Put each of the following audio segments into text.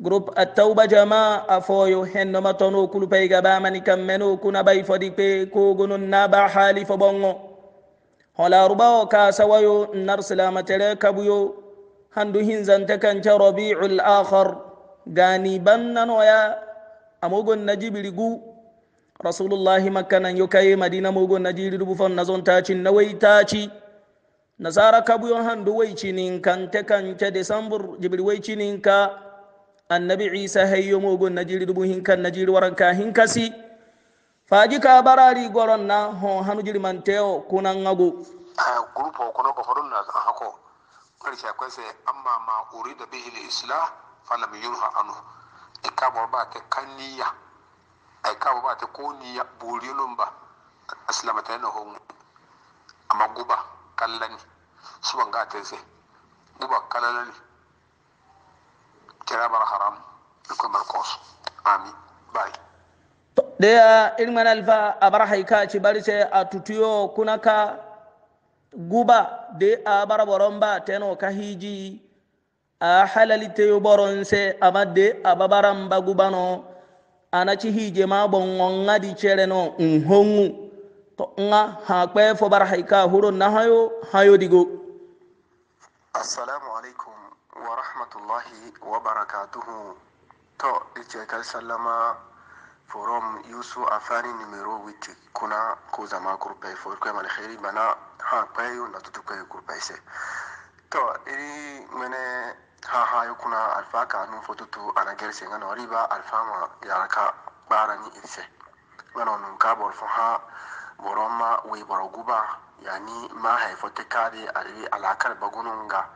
groupe attawba jama afoyo hennoma tono kulu payga bamani kammeno kuna bay fodi pe kogonon naba hali fo bongo holarubawo kasawayo nar silamatere kabuyo handu hinzante kanca rabiul akhar gani bannanoya amogon najibiri gu rasulullahi makka nan yo kaye madina mogon najiri dubu fon nazon taci nawai taci nasara kabuyo handu waycinin kante kanca décembre jibiri waycininka annabi isa hayyo mugun jiri dubu hinkan waran ka hinkasi faji ka barari goron na hon hanu jiri manteo kunan ngago grupo kuno ko fadon na hako karshe akwai sai amma ma urida bihi al-islah falam yunha anhu ikabo e ba ta kaniya ikabo e ba ta koniya burinun ba aslamata na hon amma guba kallani suban ga ta sai guba kallani kiramar haram ikomar e kosu ami bai daya irman alfa a barhai ka ci bari sai a tutuyo kuna ka guba da a bara boron ba ta yana ka hiji a halalite yi boron sai a madde a babaran ba guba no a na ci hije ma bon wanga di cere no in hongu to nga ha kwefo barhai ka huro na hayo hayo digo assalamu alaikum wa rahmatullahi wa barakatuhu to ice kai sallama forum yusu afani numero witi kuna ko zama kurpai for kai mal khairi bana ha kai yunda tutu kai kurpai se to iri mene ha ha yukuna alfa ka nun fotutu ana gerse ngano riba alfa ma yaraka bara ni inse ngano nun ka bor fo ha boroma we boroguba yani ma haifo te kade ari alakar bagununga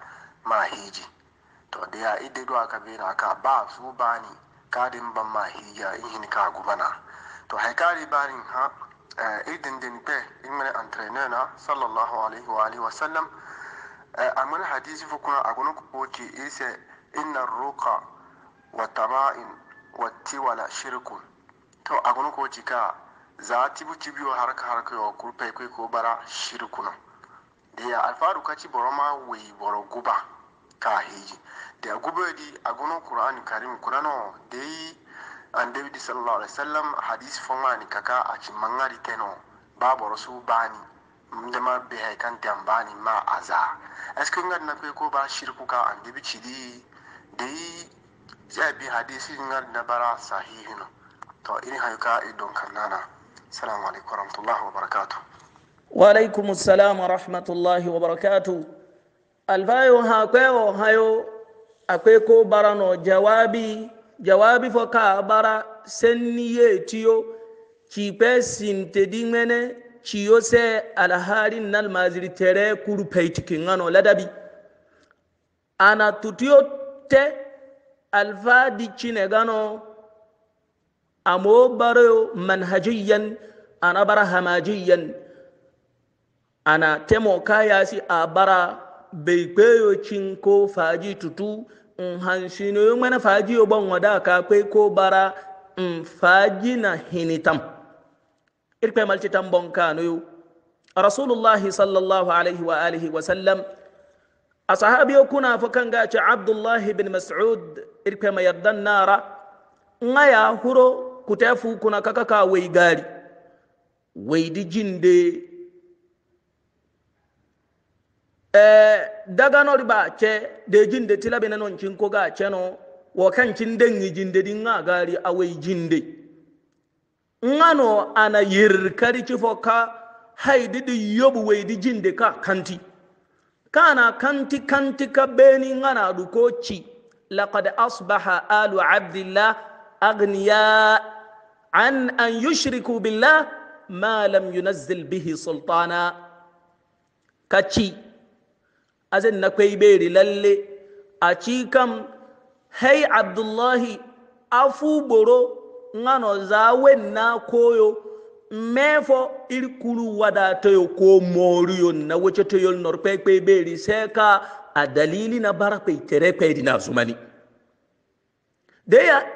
ma hiji to da ya ide do aka bera ka ba su ba ni kadin ban ma hiya in ka gubana to hay kari ni ha eh, idin din pe imre entraîneur na sallallahu alaihi wa alihi wa sallam eh, amun hadisi fu kuna agunu ku ce ise inna ruqa wa tama'in wa tiwala shirkun to agunu ku ci ka za tibu wa harka harka yo kurpe ko bara shirkuna da ya alfaru kaci boroma wai boro guba ka hiji da a agunon qur'an karim da yi an david sallallahu alaihi wasallam hadis ni kaka a mangari teno ni su bani ndema be haitan ba bani ma a za a cikin ngad na pe ko ba shirku ka an david chidi zai bi hadisi ngad na bara sahihino to irin haika idon kanana salamu alaikum warahmatullahi wabarakatuh wa alaikum assalam wa rahmatullahi wa barakatuh alfayo ha kweo hayo akwai ko bara no jawabi jawabi fo ka bara senni ye tiyo ki pe sinte dimene ci yo se alhari nal maziri tere kuru peitiki ngano ladabi ana tutiyo te alfa di cine gano amo baro manhajiyan ana bara hamajiyan ana temo kayasi a bara bai kweyo cin ko faji tutu in hanshi ne yin mana faji yau ban wada ka kwe ko bara in faji na hinitam irkwe malci tambon kano yau rasulullah sallallahu alaihi wa alihi wa sallam a yau kuna fi kan gaci abdullahi bin mas'ud irkwe mai yardan nara nga ya huro kutefu kuna kakaka wai gari wai di jinde Eh, daga nori ba ce da jinde tilabe na non kin ko ga ce no wo kan kin den yi jinde din nga gari awai jinde ngano ana yirkari kifo ka haidi di yobu wai di jinde ka kanti kana kanti kanti ka beni ngana du ko ci laqad asbaha alu abdillah agniya an an yushriku billah ma lam yunazzil bihi sultana kaci azin na kwai beri lalle a ci kam abdullahi afu boro ngano za na koyo mefo irkuru wada toyo ko moriyo na wace toyo norpe kwai beri a dalili na bara kwai tere kwai dina zumani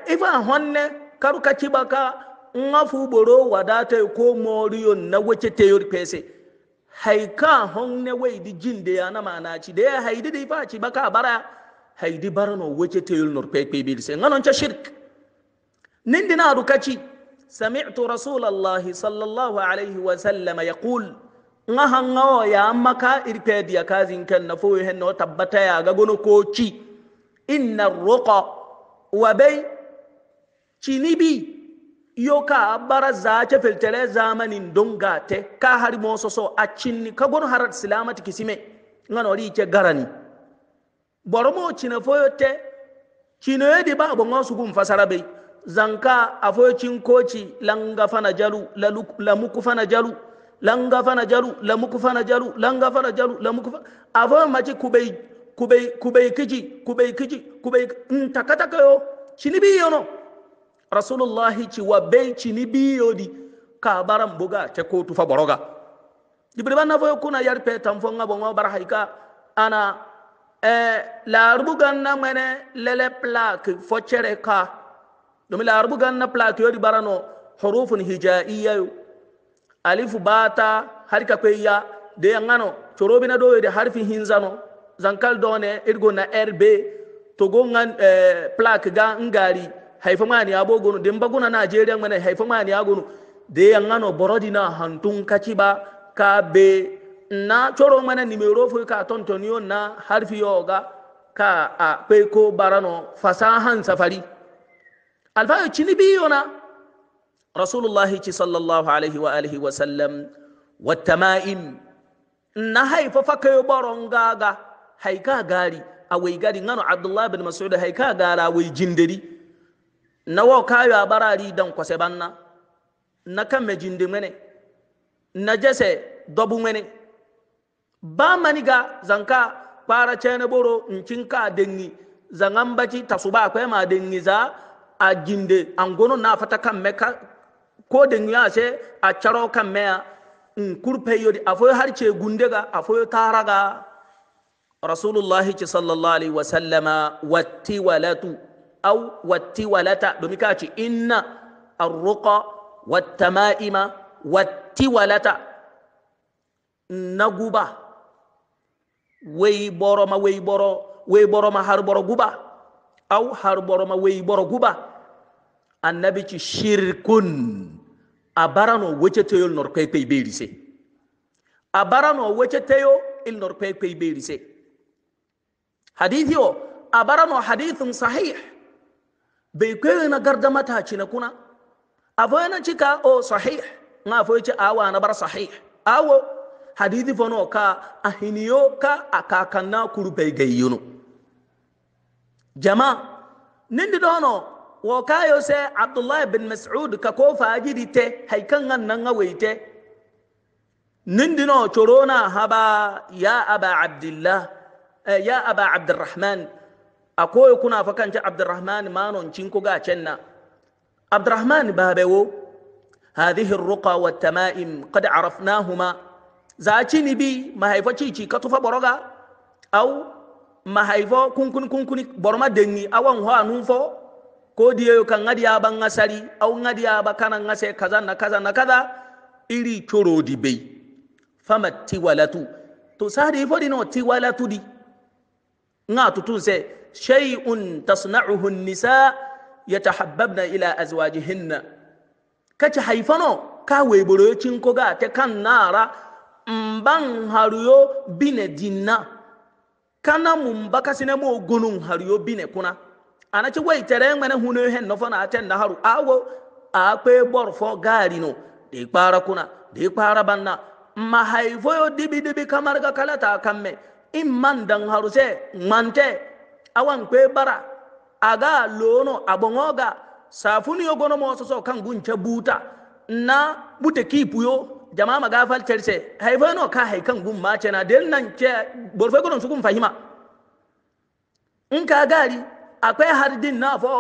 ifa honne karuka kibaka ngafu boro wada toyo ko moriyo na wace toyo pese haika hon ne wai di jin da ya na mana ci da ya haidi da ba ci baka bara haidi bara no wace ta yul nur pepe bil sai nganon cha shirk nin dina rukaci sami'tu rasulullahi sallallahu alaihi wa sallama yaqul nga hangawa ya maka irpe dia kazin kan na fo hen no tabbata ya ga gono ko ci inna ruqa wa bay cinibi iyo ka bara zace filtere zamanin dongate ka hari so a cinni ka gon harar silamati kisime nganori ke garani boromo cina foyote cina yedi ba bongo sugu mfasara be zanka afoyo cinkoci langa fana jalu la la luk lamuku fana jalu langa fana jalu la lamuku fana jalu langa fana jalu la lamuku fana afoyo maci kubei kubei kubei kiji mm, kubei kiji kubei ntakataka yo cini bi yono rasulullahi ci wa benci ni biyodi ka baran buga te ko tufa boroga jibri banna fo kuna yar pe tan fo ngabo ngo bar haika ana e eh, la rubugan na mene lele plaque fo chere ka dum la rubugan na plaque yodi barano hurufun hijaiya alifu bata harika kweya de ngano chorobi na do de harfi hinzano zankal done irgo na rb to go ngan eh, plaque ga ngari haifa mani ya bogono den baguna nigeria mana haifa mani ya gono de yangano borodina hantun kachiba ka be na choro mana ni fo ka tontonio na harfi yoga ka a peko barano fasahan safari alfayo cini biyona rasulullahi chi sallallahu alaihi wa alihi wa sallam watama'im na haifa fakayo baron gaga haika gari a wai gari ngano abdullah ibn mas'ud haika gara wai jindiri na wau kayo a barari dan kwase banna na kan mejin jinde mene na jese dobu mene ba maniga zanka para chene boro ncin ka dengi zangan baci tasuba akwai ma dengi za a jinde an gono na fata kan me ka ko dengi ya ce a charo kan meya in kurfe yodi afoyo harce gundega tara ga rasulullahi sallallahu alaihi wasallama wati walatu أو والتولة دمكاتي إن الرقى والتمائم والتولة نغبا ويبورو ما ويبورو ويبورو ما هربورو غوبا أو هربورو ما ويبورو غوبا النبي تي شركون أبارانو أبرانو وجتيو نوركي بي بيريسي أبارانو أبرانو وجتيو النوركي بي بيريسي حديثيو أبارانو حديث صحيح bai kwaye na garda mataci na kuna afoye na cika o sahih na afoye ci awa na bar sahih awo hadithi fono ka ahiniyo ka akakan na kurbe gayyuno jama nindi dono wo kayo se abdullahi bin mas'ud ka ko fajiri te haikan nan nan awaite nindi no corona haba ya aba abdullah ya aba abdurrahman a koyo kuna fa kanca abdurrahman manon cinko ga na abdurrahman bai wo hadhihi wa tama'im qad arafnahuma za ni bi mahaifa ci ka tufa boroga au mahaifa kunkun kunkuni boroma dengi awan ho anun fo ko diyo kan ngadi ban ngasari au ngadi ba kana ngase kaza na kaza na kaza iri choro di bei fama tiwalatu to sari fo no tiwalatu di nga tutun se shay'un tasna'uhu nisa yatahabbabna ila azwajihinna kaci haifano ka weboro cinko ga te kan nara mban haruyo bine dinna kana mun baka sine mo gonun haruyo bine kuna anaci wai tere ngene huno hen no fana aten na haru awo a kwe bor fo gari no de kpara kuna de kpara banna ma haifoyo dibi dibi kamar ga kalata kamme in man dan haru se awan kwe bara aga lono abongoga safuni gono mo soso kan gunce buta na bute ga jama'a magafal cerse haifano ka haikan gun mace na del nan ke borfe gudun su kun fahima in ka gari akwai hardin na fo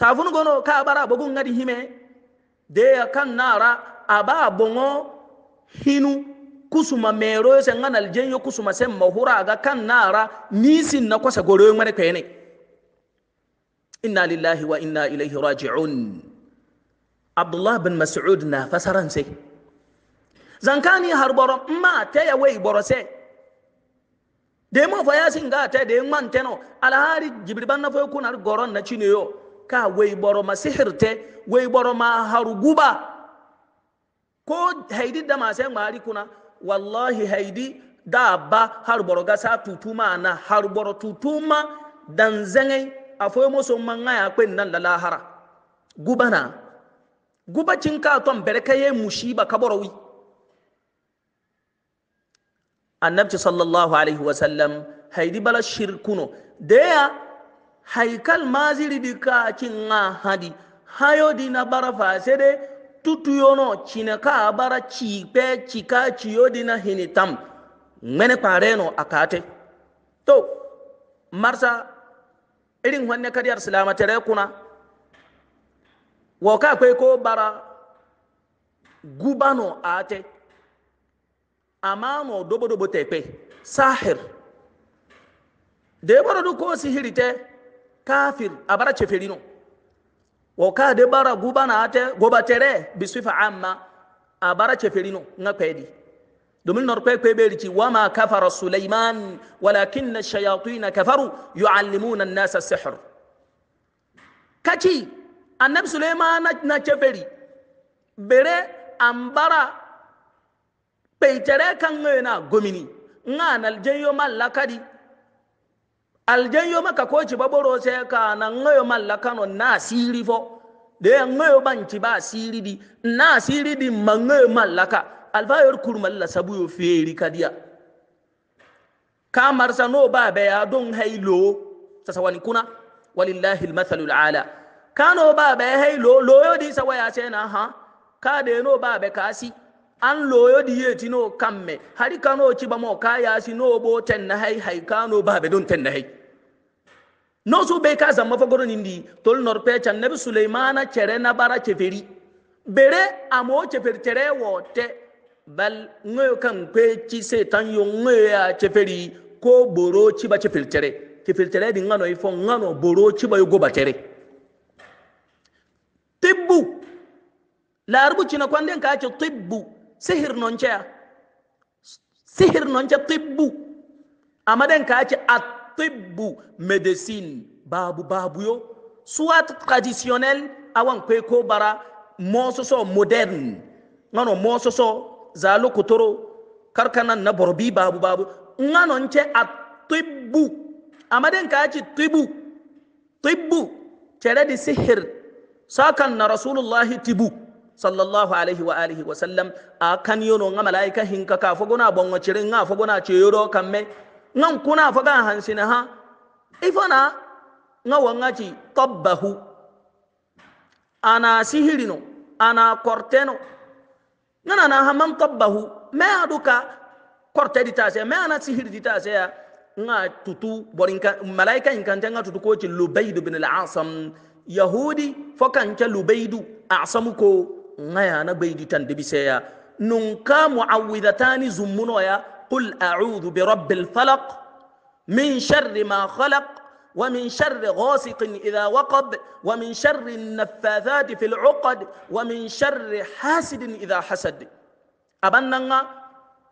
safun gono ka bara bugun ngadi hime de kan nara aba bongo hinu kusuma mero se ngana aljenyo kusuma se mahura aga kan nara nisin na kwasa goro ngane kwene inna lillahi wa inna ilaihi raji'un abdullah bin mas'ud na fasaran sai zankani harboro ma teya ya wai boro sai da mo fa yasin ga ta man teno alhari jibril na fa kuna goron na cine yo ka wai boro ma sihirte wai boro ma haruguba ko haidi da ma sai wallahi haidi da ba har boro gasa tutuma na har boro tutuma dan zangai afoy muso manga ya kwen nan la lahara gubana guba cin ka ton berkaye mushiba wi annabi sallallahu alaihi wasallam haidi bala shirkuno da haikal maziri di ka cin hadi hayo dina barafa sede tutuyono cina ka abara cipe cika ciyodina hini tam ŋmene kpareno a to marsa irin wanne kadiyar silamatere kuna wo ka kwe ko bara gubano ate amano dobo dobo tepe sahir da ya bara ko sihirite kafir a bara ceferino wokade bara gubana ate gobatere bisifa amma a bara ceferino nga pedi domin norpe kwebeli ci wama kafara sulaiman walakin shayatin kafaru yuallimuna an-nas as-sihr kachi annabi sulaiman na ceferi bere ambara peitere kan ngena gomini nga naljeyo malakadi aljanyo maka ko ciba boro se ka na ngoyo malla kano na asiri fo de ngoyo ban ciba asiri di na asiri di mangoyo malla ka alfa yor kur malla sabu yo feri kadia ka marsa no ba be ya don haylo sasa wani kuna walillahi almathalu alala kano ba be haylo loyo di sawa ya se na ha ka de no ba be ka si an loyo di ye ti no kamme hari kano ciba mo ka ya si no bo ten na hay hay kano ba be don ten na hay no su bai ka zama fa goronin di tol nor pe chan nabi sulaimana chere na bara cheferi bere amo chefer chere wo te bal ngoyo kan pe chi se tan yo ngoyo ya cheferi ko boro chi ba chefer chere chefer chere di ngano ifo ngano boro chi ba yo go ba chere tibbu larbu china kwanden ka che tibbu sihir non che sihir non che tibbu amaden ka che at tibbu medicine babu babu yo soit traditionnel awan kwe ko bara moso so modern ngano moso so za lokotoro karkanan na borbi babu babu ngano nce a tibbu amaden ka ci tibbu tibbu cere di sihir sakan na rasulullahi tibu sallallahu alaihi wa alihi wa sallam a kan yono nga malaika hinka ka fogona bongo cire nga fogona ce yoro kamme nan kuna faga hansina ha ifana nga wangati tabbahu ana sihirino ana korteno ngana na hamam tabbahu me aduka korte di tase me ana sihir di tase ya nga tutu borinka malaika inkanta nga tutu ko ci lubayd bin al-asam yahudi fokan ke lubaidu asam ko nga ya na baydi tan dibise ya nunka muawwidatani zummuno ya قل أعوذ برب الفلق من شر ما خلق ومن شر غاسق إذا وقب ومن شر النفاثات في العقد ومن شر حاسد إذا حسد أبننا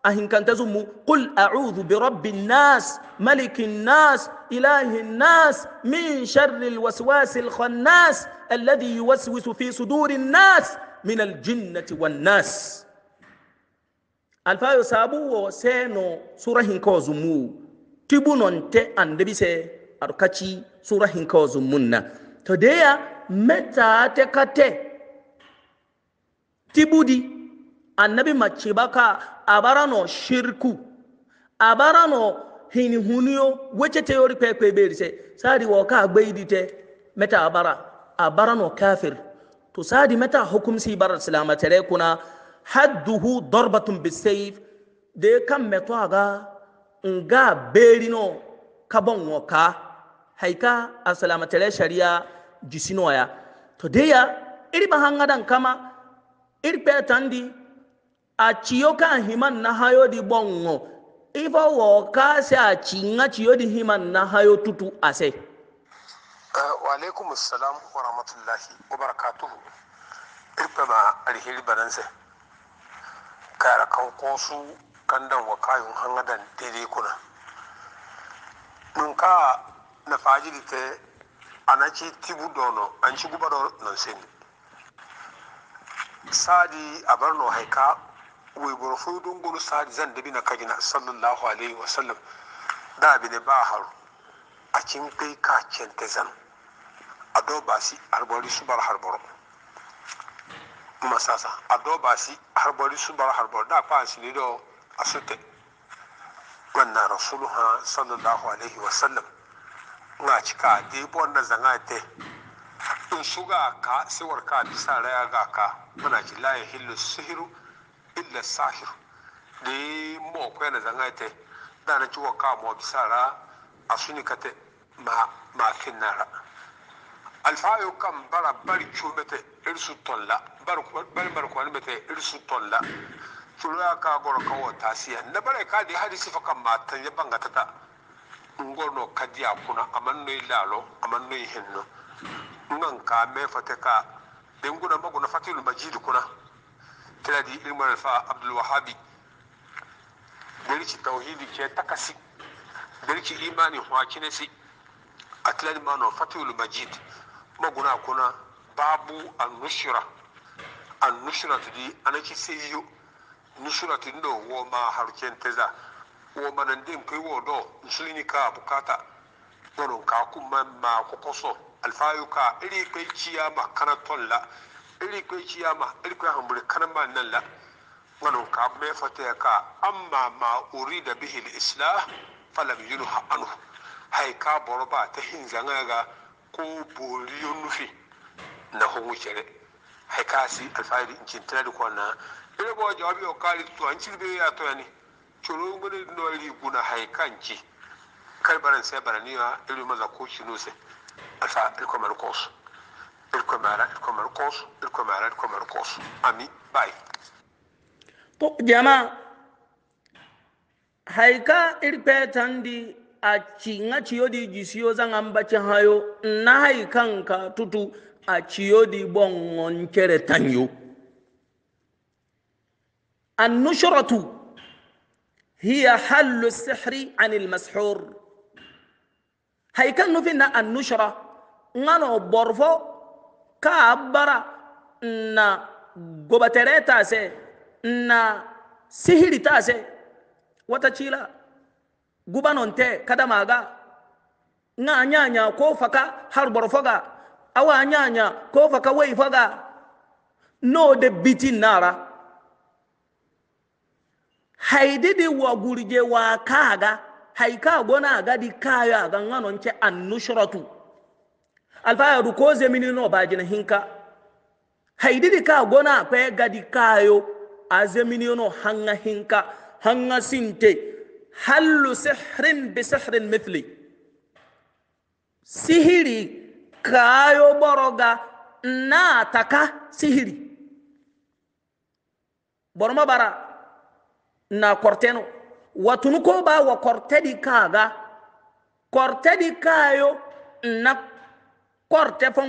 أهن كان تزم قل أعوذ برب الناس ملك الناس إله الناس من شر الوسواس الخناس الذي يوسوس في صدور الناس من الجنة والناس alfayo sabu wo seno sura hinko zumu tibu non te ande bise arkachi sura hinko zumunna na to deya meta te kate tibudi annabi baka abarano shirku abarano hini huniyo weche teori yori pepe beri se sadi wo ka meta abara abarano kafir to sadi meta hukumsi bar islamatere kuna hadduhu darbatun bisayf de kan meto ga nga no kabon woka haika asalama salamatare sharia jisinoya to ya iri ba hangadan kama iri di a ciyo kan himan na hayo di bongo ifo woka se a cinga ciyo di himan na hayo tutu a se. Ah, wa alaikum salam wa rahmatullahi wa barakatuhu irpe ba alheri baransa kara su kandan wa kayun hangadan daidai kuna nunka na fajiri te ci tibu dono an ci guba na seni sadi no haika wai burfu dungulu sadi zan dabi na kagina sallallahu alaihi wasallam da bi ne ba haru a cin kai ka cente zan a do ba si arbori su bar harboro masasa a dɔw b'a si haribɔli subara haribɔli n'a pa a sili dɔ a su tɛ wannan rasulu ha sallallahu alaihi wa sallam nga cika da yi na zanga te in su ga ka siwar ka bisa raya ga ka muna ci laye hillu sihiru illa sahiru da yi mo kwaya na zanga te da na ciwo ka mo bisa ra a suni ka te ma kin nara y'o kan bara bari cumete irsu tolla bari bari barkwani bata irsu tolla tuluya ka goro kawo wata siya na bare ka di hadisi fa kan matan ya banga tata ngono kadiya kuna aman noy lalo aman noy henno ngan ka me fate ka den guna mago na fatil majid kuna tira di ilmar alfa abdul wahabi dalci tauhidi ke takasi dalci imani hwakinesi atlan mano fatil majid maguna kuna babu an-nushra annusratu di anaki seyo nusratu ndo wo ma harken teza wo manan din kai wo do nsulini ka bukata donon ka kuma ma kokoso alfayu ka iri kai ciyama kana tolla iri kai ciyama iri kai hambure kana ma nan la wannan ka me fata ka amma ma urida da bihi islah falam yunha anhu hay ka boroba ta hinzanga ga ko boriyo nufi na hunwucere haikasi alfahari nchi tena kwa na ile bo jawabi okali tu anchi be ya to yani choro ngone ndo ali kuna haikanchi kai baran sai baraniwa ile maza ko shinuse alfa ilko marcos ilko mara ilko marcos ilko mara ilko marcos ami bye to jama haika irpetandi a cinga ciyo di jisiyo zan ambaci hayo na haikanka tutu أشيودي بون كيرتانيو النشرة هي حل السحر عن المسحور هاي كانوا فينا النشرة نانو بورفو كابرا نا غوباتيري تاسي نا سيهيري تاسي واتاشيلا غوبانون تي كدا ماغا نا نيا نيا كو هار بورفوغا awa nyanya ko fa wai faga no da bitin nara haididi wa gurje wa kaga Hai haika gona gadi kaya ga nganon ce annushratu alfaya ko zemini no jina hinka didi ka gona kwe gadi kayo a zemini no hanga hinka hanga sinte hallu sihrin bi sihrin mithli sihiri kayo boroga na taka sihiri boroma bara na korteno watunu ko ba wa kortedi kaga kortedi kayo na korte fo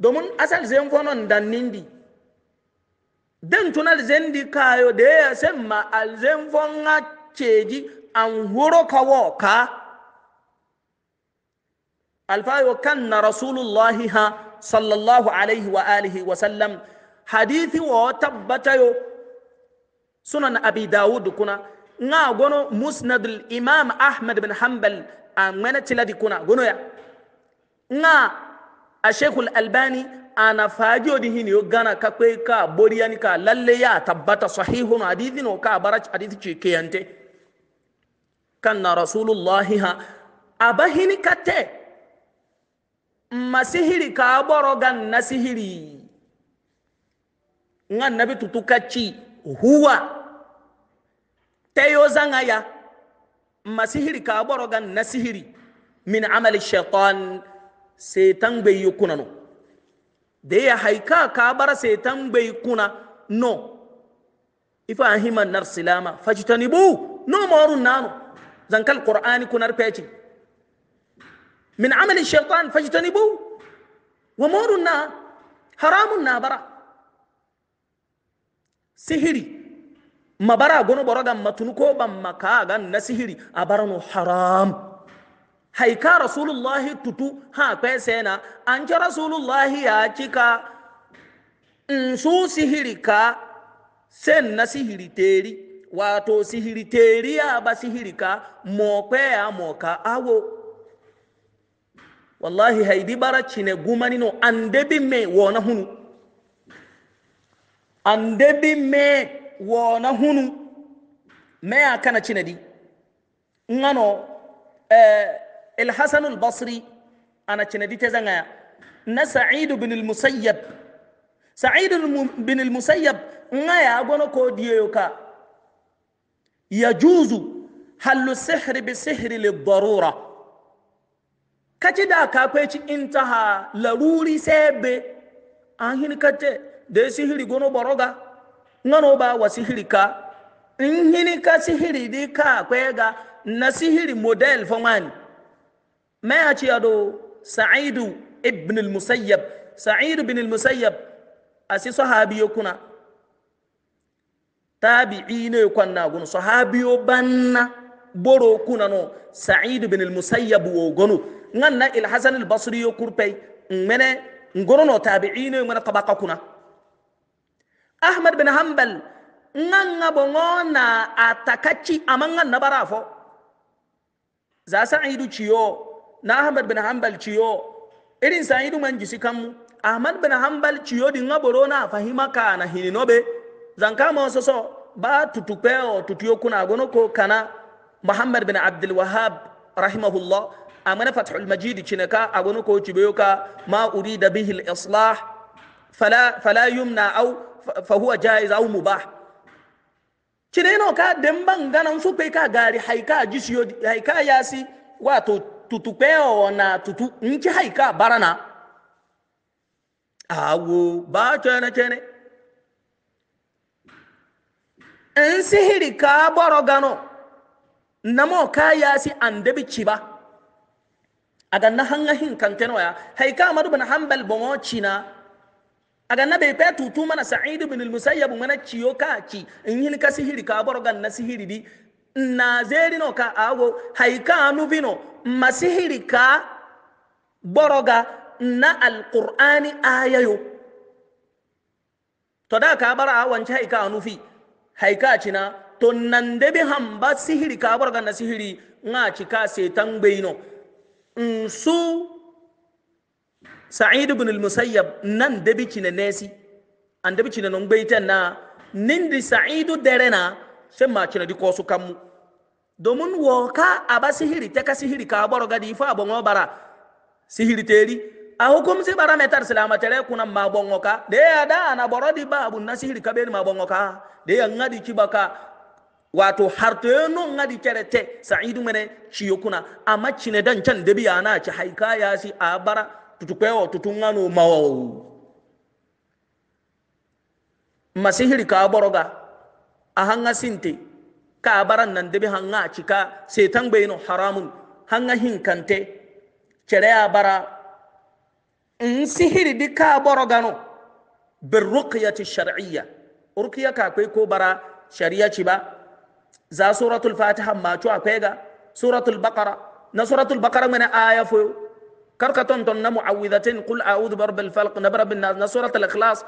domin asal fono fonon nindi. den tun alzendi kayo da ya sen ma alzen fon ŋa ceji an huro kawo ka الفاي وكان رسول الله صلى الله عليه وآله وسلم حديث وتبت سنن أبي داود كنا نا نغنو مسند الإمام أحمد بن حنبل أمنا تلدي كنا غنو يا نا الشيخ الألباني أنا فاجو دي هنيو غانا كاكوي كا بورياني كا للي يا تبتا صحيح حديث وكا برج حديث كيانتي كان رسول الله ها أبهني كتئ masihiri ka boro gan na sihiri nga nabi tutukaci huwa tayo zanga ya masihiri ka boro gan na sihiri min amali shaitan setan bai yi kuna no da ya haika ka bar setan bai kuna no ifa himan narsilama silama fajtanibu no morun nano zankal qur'ani kunar pecin من عمل الشيطان فاجتنبوه ومورنا حرامنا برا سهري ما برا غنو برا ما تنكو بما كاغا نسهري أبرنو حرام هيكا رسول الله تتو ها كيسينا أنت رسول الله ياتيكا نسو سهري كا سن سهري تيري واتو سهري تيري أبا سهري كا موكا موكا أوو والله wallahi haydi bara cine gumanino andebi me wona hunu andebi me مي وانا هنو مي kana cine دي نانو أه الحسن البصري أنا دي تزنع نا سعيد بن المسيب سعيد بن المسيب نايا أقولنا كوديوكا يجوز حل السحر بسحر للضرورة kaci da kafeci intaha laruri sebe an hin kate da sihiri gono boroga ngano ba wa sihiri ka in hin ka sihiri di ka kwega na sihiri model fomani ma ya ci ado sa'idu ibn al-musayyab sa'id ibn al-musayyab asi sahabiyo kuna tabi'i ne kwanna gun sahabiyo banna boro kuna no sa'id ibn al-musayyab wo gono nganna ilhasan albasri yo kurpey mene ngorono tabi'ino mene tabaka kuna ahmad bin hanbal nganga bongona atakachi amanga nabarafo za sa'idu ciyo na ahmad bin hanbal ciyo irin sa'idu man jisi kanmu ahmad bin hanbal ciyo di ngaboro na fahima ka na hininobe zanka ma soso ba tutupe o tutuyo kuna gono ko kana muhammad bin abdul wahhab rahimahullah mana fathul majid cinaka agonu ko ka, ma uri bihi bihil islah fala fala yumna au fa huwa jaiz au mubah cineno ka demban ganan su kai ka gari haika jisiyo haika yasi wato tutukpeo na tutu nki haika barana awo ba cene cene in sihiri ka boro gano namo ka yasi ci ba. aga na hanga hin kanteno ya ka amadu bin hanbal bomo china aga na be petu tutu mana sa'id bin al-musayyab mana ciyo ka ci in yin ka sihiri ka borgan na sihiri di na zeri no ka hay ka anu bino masihiri ka boroga na alqur'ani ayayo to da ka bara awan ka anu fi haika cina to nan de bi hanba sihiri ka borgan na sihiri nga ka setan beino su sa'id ibn al-musayyab nan da biki na nesi an da biki na nan gbaitan na nindi sa'idu dare na sai ma kina di kosu kanmu domin woka aba sihiri ta ka sihiri ka baro gadi fa abon bara sihiri teri a hukumsi bara metar silama tere kuna ma bongo ka de ya da ana baro di babu na sihiri ka be ma bongo ka de ya ngadi kibaka wato hartoyo no ngadi kerete sa'idu mene ciyokuna amma cine dan can debi ana ci haika ya si abara tutukwewo tutungano mawawu masihiri ka aboroga a hanga sinte ka abaran nan debi hanga ci ka setan bai no haramun hanga hinkante cere abara in sihiri di ka aboroga no bin rukiyati shari'iyya rukiyaka kwaiko bara shari'a ci ba za suratul fatiha ma cu apega suratul baqara na suratul baqara mana aya fo karka ton ton na muawwidatin qul a'udhu bi rabbil falq na rabbin nas na suratul ikhlas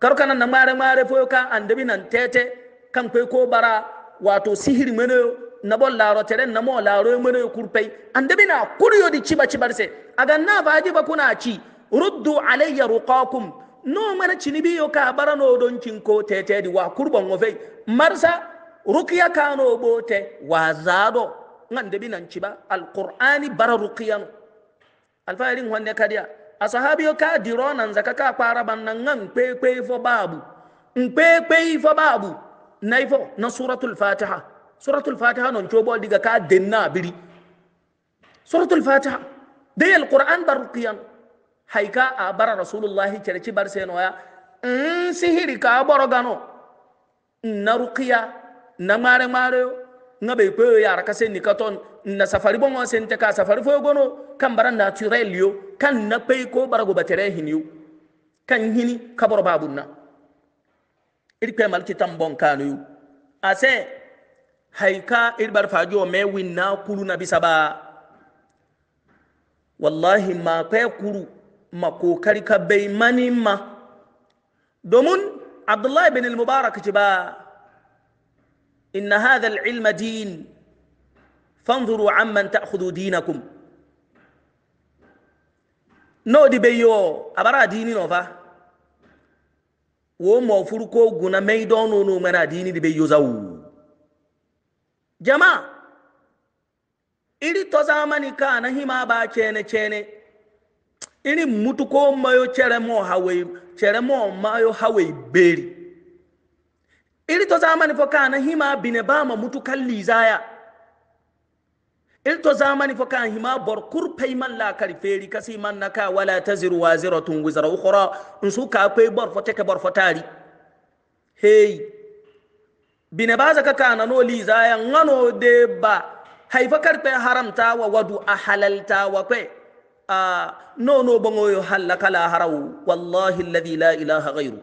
karka nan na mare mare fo ka andabi nan tete kan kai ko bara wato sihir mana na bol laro tere na mo laro mana kurpai andabi na kuriyo di ciba cibar se aga na baji ba kuna ci ruddu alayya ruqakum no mana cinibi yo ka bara no don cinko tete di wa kurban ofe marsa rukiya kano bote wa zado ngan debi nan ciba alqur'ani bara rukiyan alfa'irin wanne kadiya asahabiyo ka diro nan zaka ka para ban nan ngan pepe fo babu pepe fo babu naifo na suratul fatiha suratul fatiha non jobol diga ka denna biri suratul fatiha dai alqur'an bar rukiyan haika a bara rasulullahi cerci bar senoya in sihiri ka boro gano na rukiya na ŋmaare ŋmaare yo nga ɓe kpeyo yara ka senni ka ton na safari boŋo sente ka safari fo gono kan na naturel yo kan na pe ko barago batere hini kan hini kaboro babun na pe mal ki tam bon kanu yu ase hayka ir bar fajo me na kulu na bisaba wallahi ma kwe kuru ma kokari ka bai manin ma domin abdullahi bin al-mubarak ba إن هذا العلم دين فانظروا عمن تأخذوا دينكم نودي بيو أبرا ديني نوفا ومو فرقو قنا نو منا ديني دي بيو زو جماعة إلي تزامني كان هما با چيني چيني إلي cene iri چرمو هاوي چرمو cere هاوي بيري iri to zamani fo kana hima bine bama mutu kalli zaya iri to zamani fo kana hima bor kur payman la kari feri kasi man naka wala taziru waziratun wizra ukhra unsu ka pay bor fo teke bor fo tari hey bine baza ka kana no li zaya ngano de ba haifa karpe haramta wa wadu ahalalta wa kwe a no no bangoyo halakala harawu wallahi alladhi la ilaha ghayru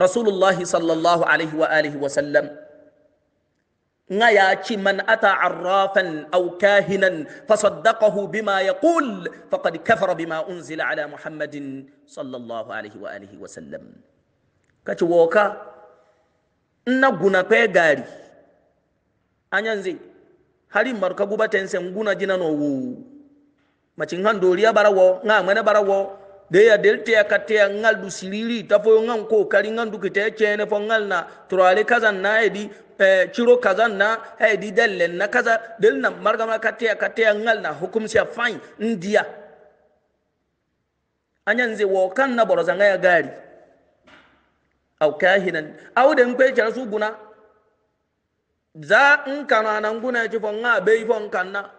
رسول الله صلى الله عليه وآله وسلم نياتي من أتى عرافا أو كاهنا فصدقه بما يقول فقد كفر بما أنزل على محمد صلى الله عليه وآله وسلم كتوكا نغنا بيغاري أنيانزي hali marka guba tense nguna jina ما wu macin han doriya barawo nga mene barawo deya del ya ka ya ngal du siliri ta foyo ngan ko kari ngan du kita cene fo ngal na turale kazan na edi eh, ciro kazan na edi dellen na kaza del na margama ka ya ka ya ngal na hukum sia fain ndiya anyan ze wo kan na boroza ngaya gari au kahinan au den kwe chara su buna za in kana nan guna ci fo nga be fo kanna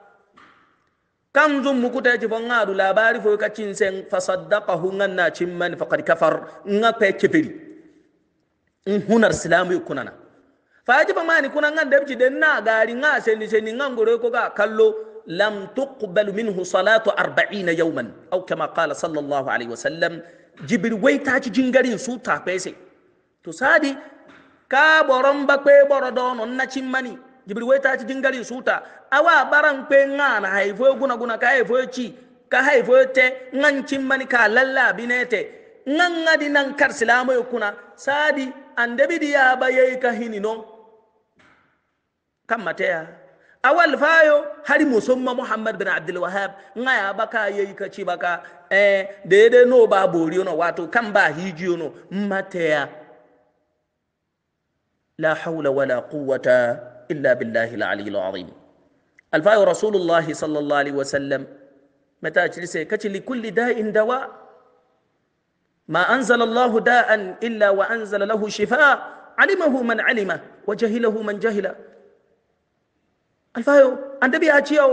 كم زم مكوتا جفون عدو لاباري فو كاتشين سين فصدق هون نا تشين من فقد كفر نا بكفر ان هون ارسلام يكوننا فاجب ما ان كنا نان دبجي دنا غاري نا سيني سيني نان غورو كوكا كالو لم تقبل منه صلاة أربعين يوما أو كما قال صلى الله عليه وسلم جبر ويتا جنجرين سوتا بيسي تسادي كابو رمبك بيبو ونشمني jibiri wai ta ci dingari suta awa baran pe nga na haifo guna guna ka haifo ci ka haifo te ngan cin mani ka lalla binete ngan ngadi nan kar silamo kuna sadi andabi diya ba baye ka hini no kan mataya awal fayo hari musumma muhammad bin abdul wahab nga ya baka yayi ka ci baka eh dede no ba bori no wato kan ba hiji no mataya la hawla wala quwwata إلا بالله العلي العظيم الفا رسول الله صلى الله عليه وسلم متى أجلسه كتل كل داء دواء ما أنزل الله داء إلا وأنزل له شفاء علمه من علمه وجهله من جهله الفايو أنت بي أجيو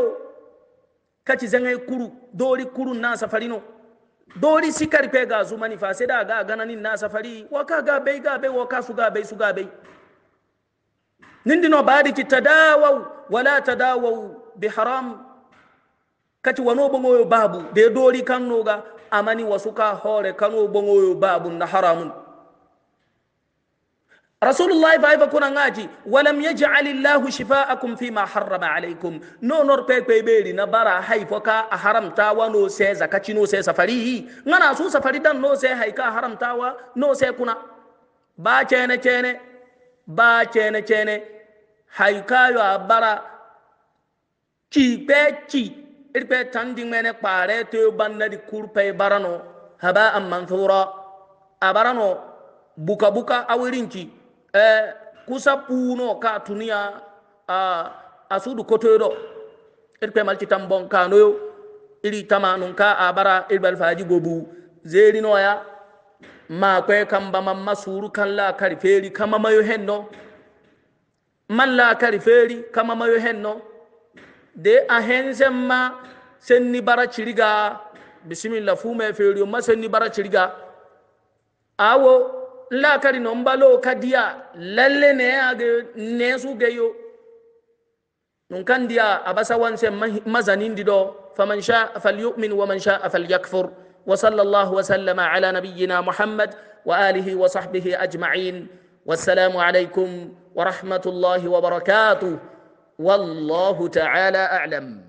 كتل زنغي كرو دوري كرو الناس فرينو دوري سيكاري بيغا ماني فاسدا غا غانا الناس فري وكا غا بي بي وكا سوغا بي سوغا بي no baadi ki tadawaw wala tadawaw bi haram kati wano bongoyo babu de dori kannoga amani wasuka hore kano bongoyo babu na haramun rasulullahi faifa kuna ngaji walam yaj'ali llahu fi ma harrama alaykum no nor pe beri na bara haifo ka a haramtawa no se zakati no se safari ngana su safari dan no se haika haramtawa no se kuna ba chene chene ba chene chene haikayo abara ki pe ki irpe tandi mene kpare te banna di kurpe barano haba am manthura abarano buka buka awirinki e eh, kusa puno ka tunia a ah, asudu kotedo irpe malti tambon ka no iri tama nun ka abara irbal faji gobu zeri no ya ma kwe kamba mamma suru kan la kari feri kamama yo henno man la kari feri kama mayo henno de a hensemma senni bara ciriga bisimilla fume feri ma senni bara ciriga awo la kari no mbalo kadiya lalle ne age ne su geyo nun kan diya abasa wanse mazanin dido faman sha falyu'min wa man sha falyakfur wa sallallahu wa sallama ala nabiyyina muhammad wa alihi wa sahbihi ajma'in والسلام عليكم ورحمه الله وبركاته والله تعالى اعلم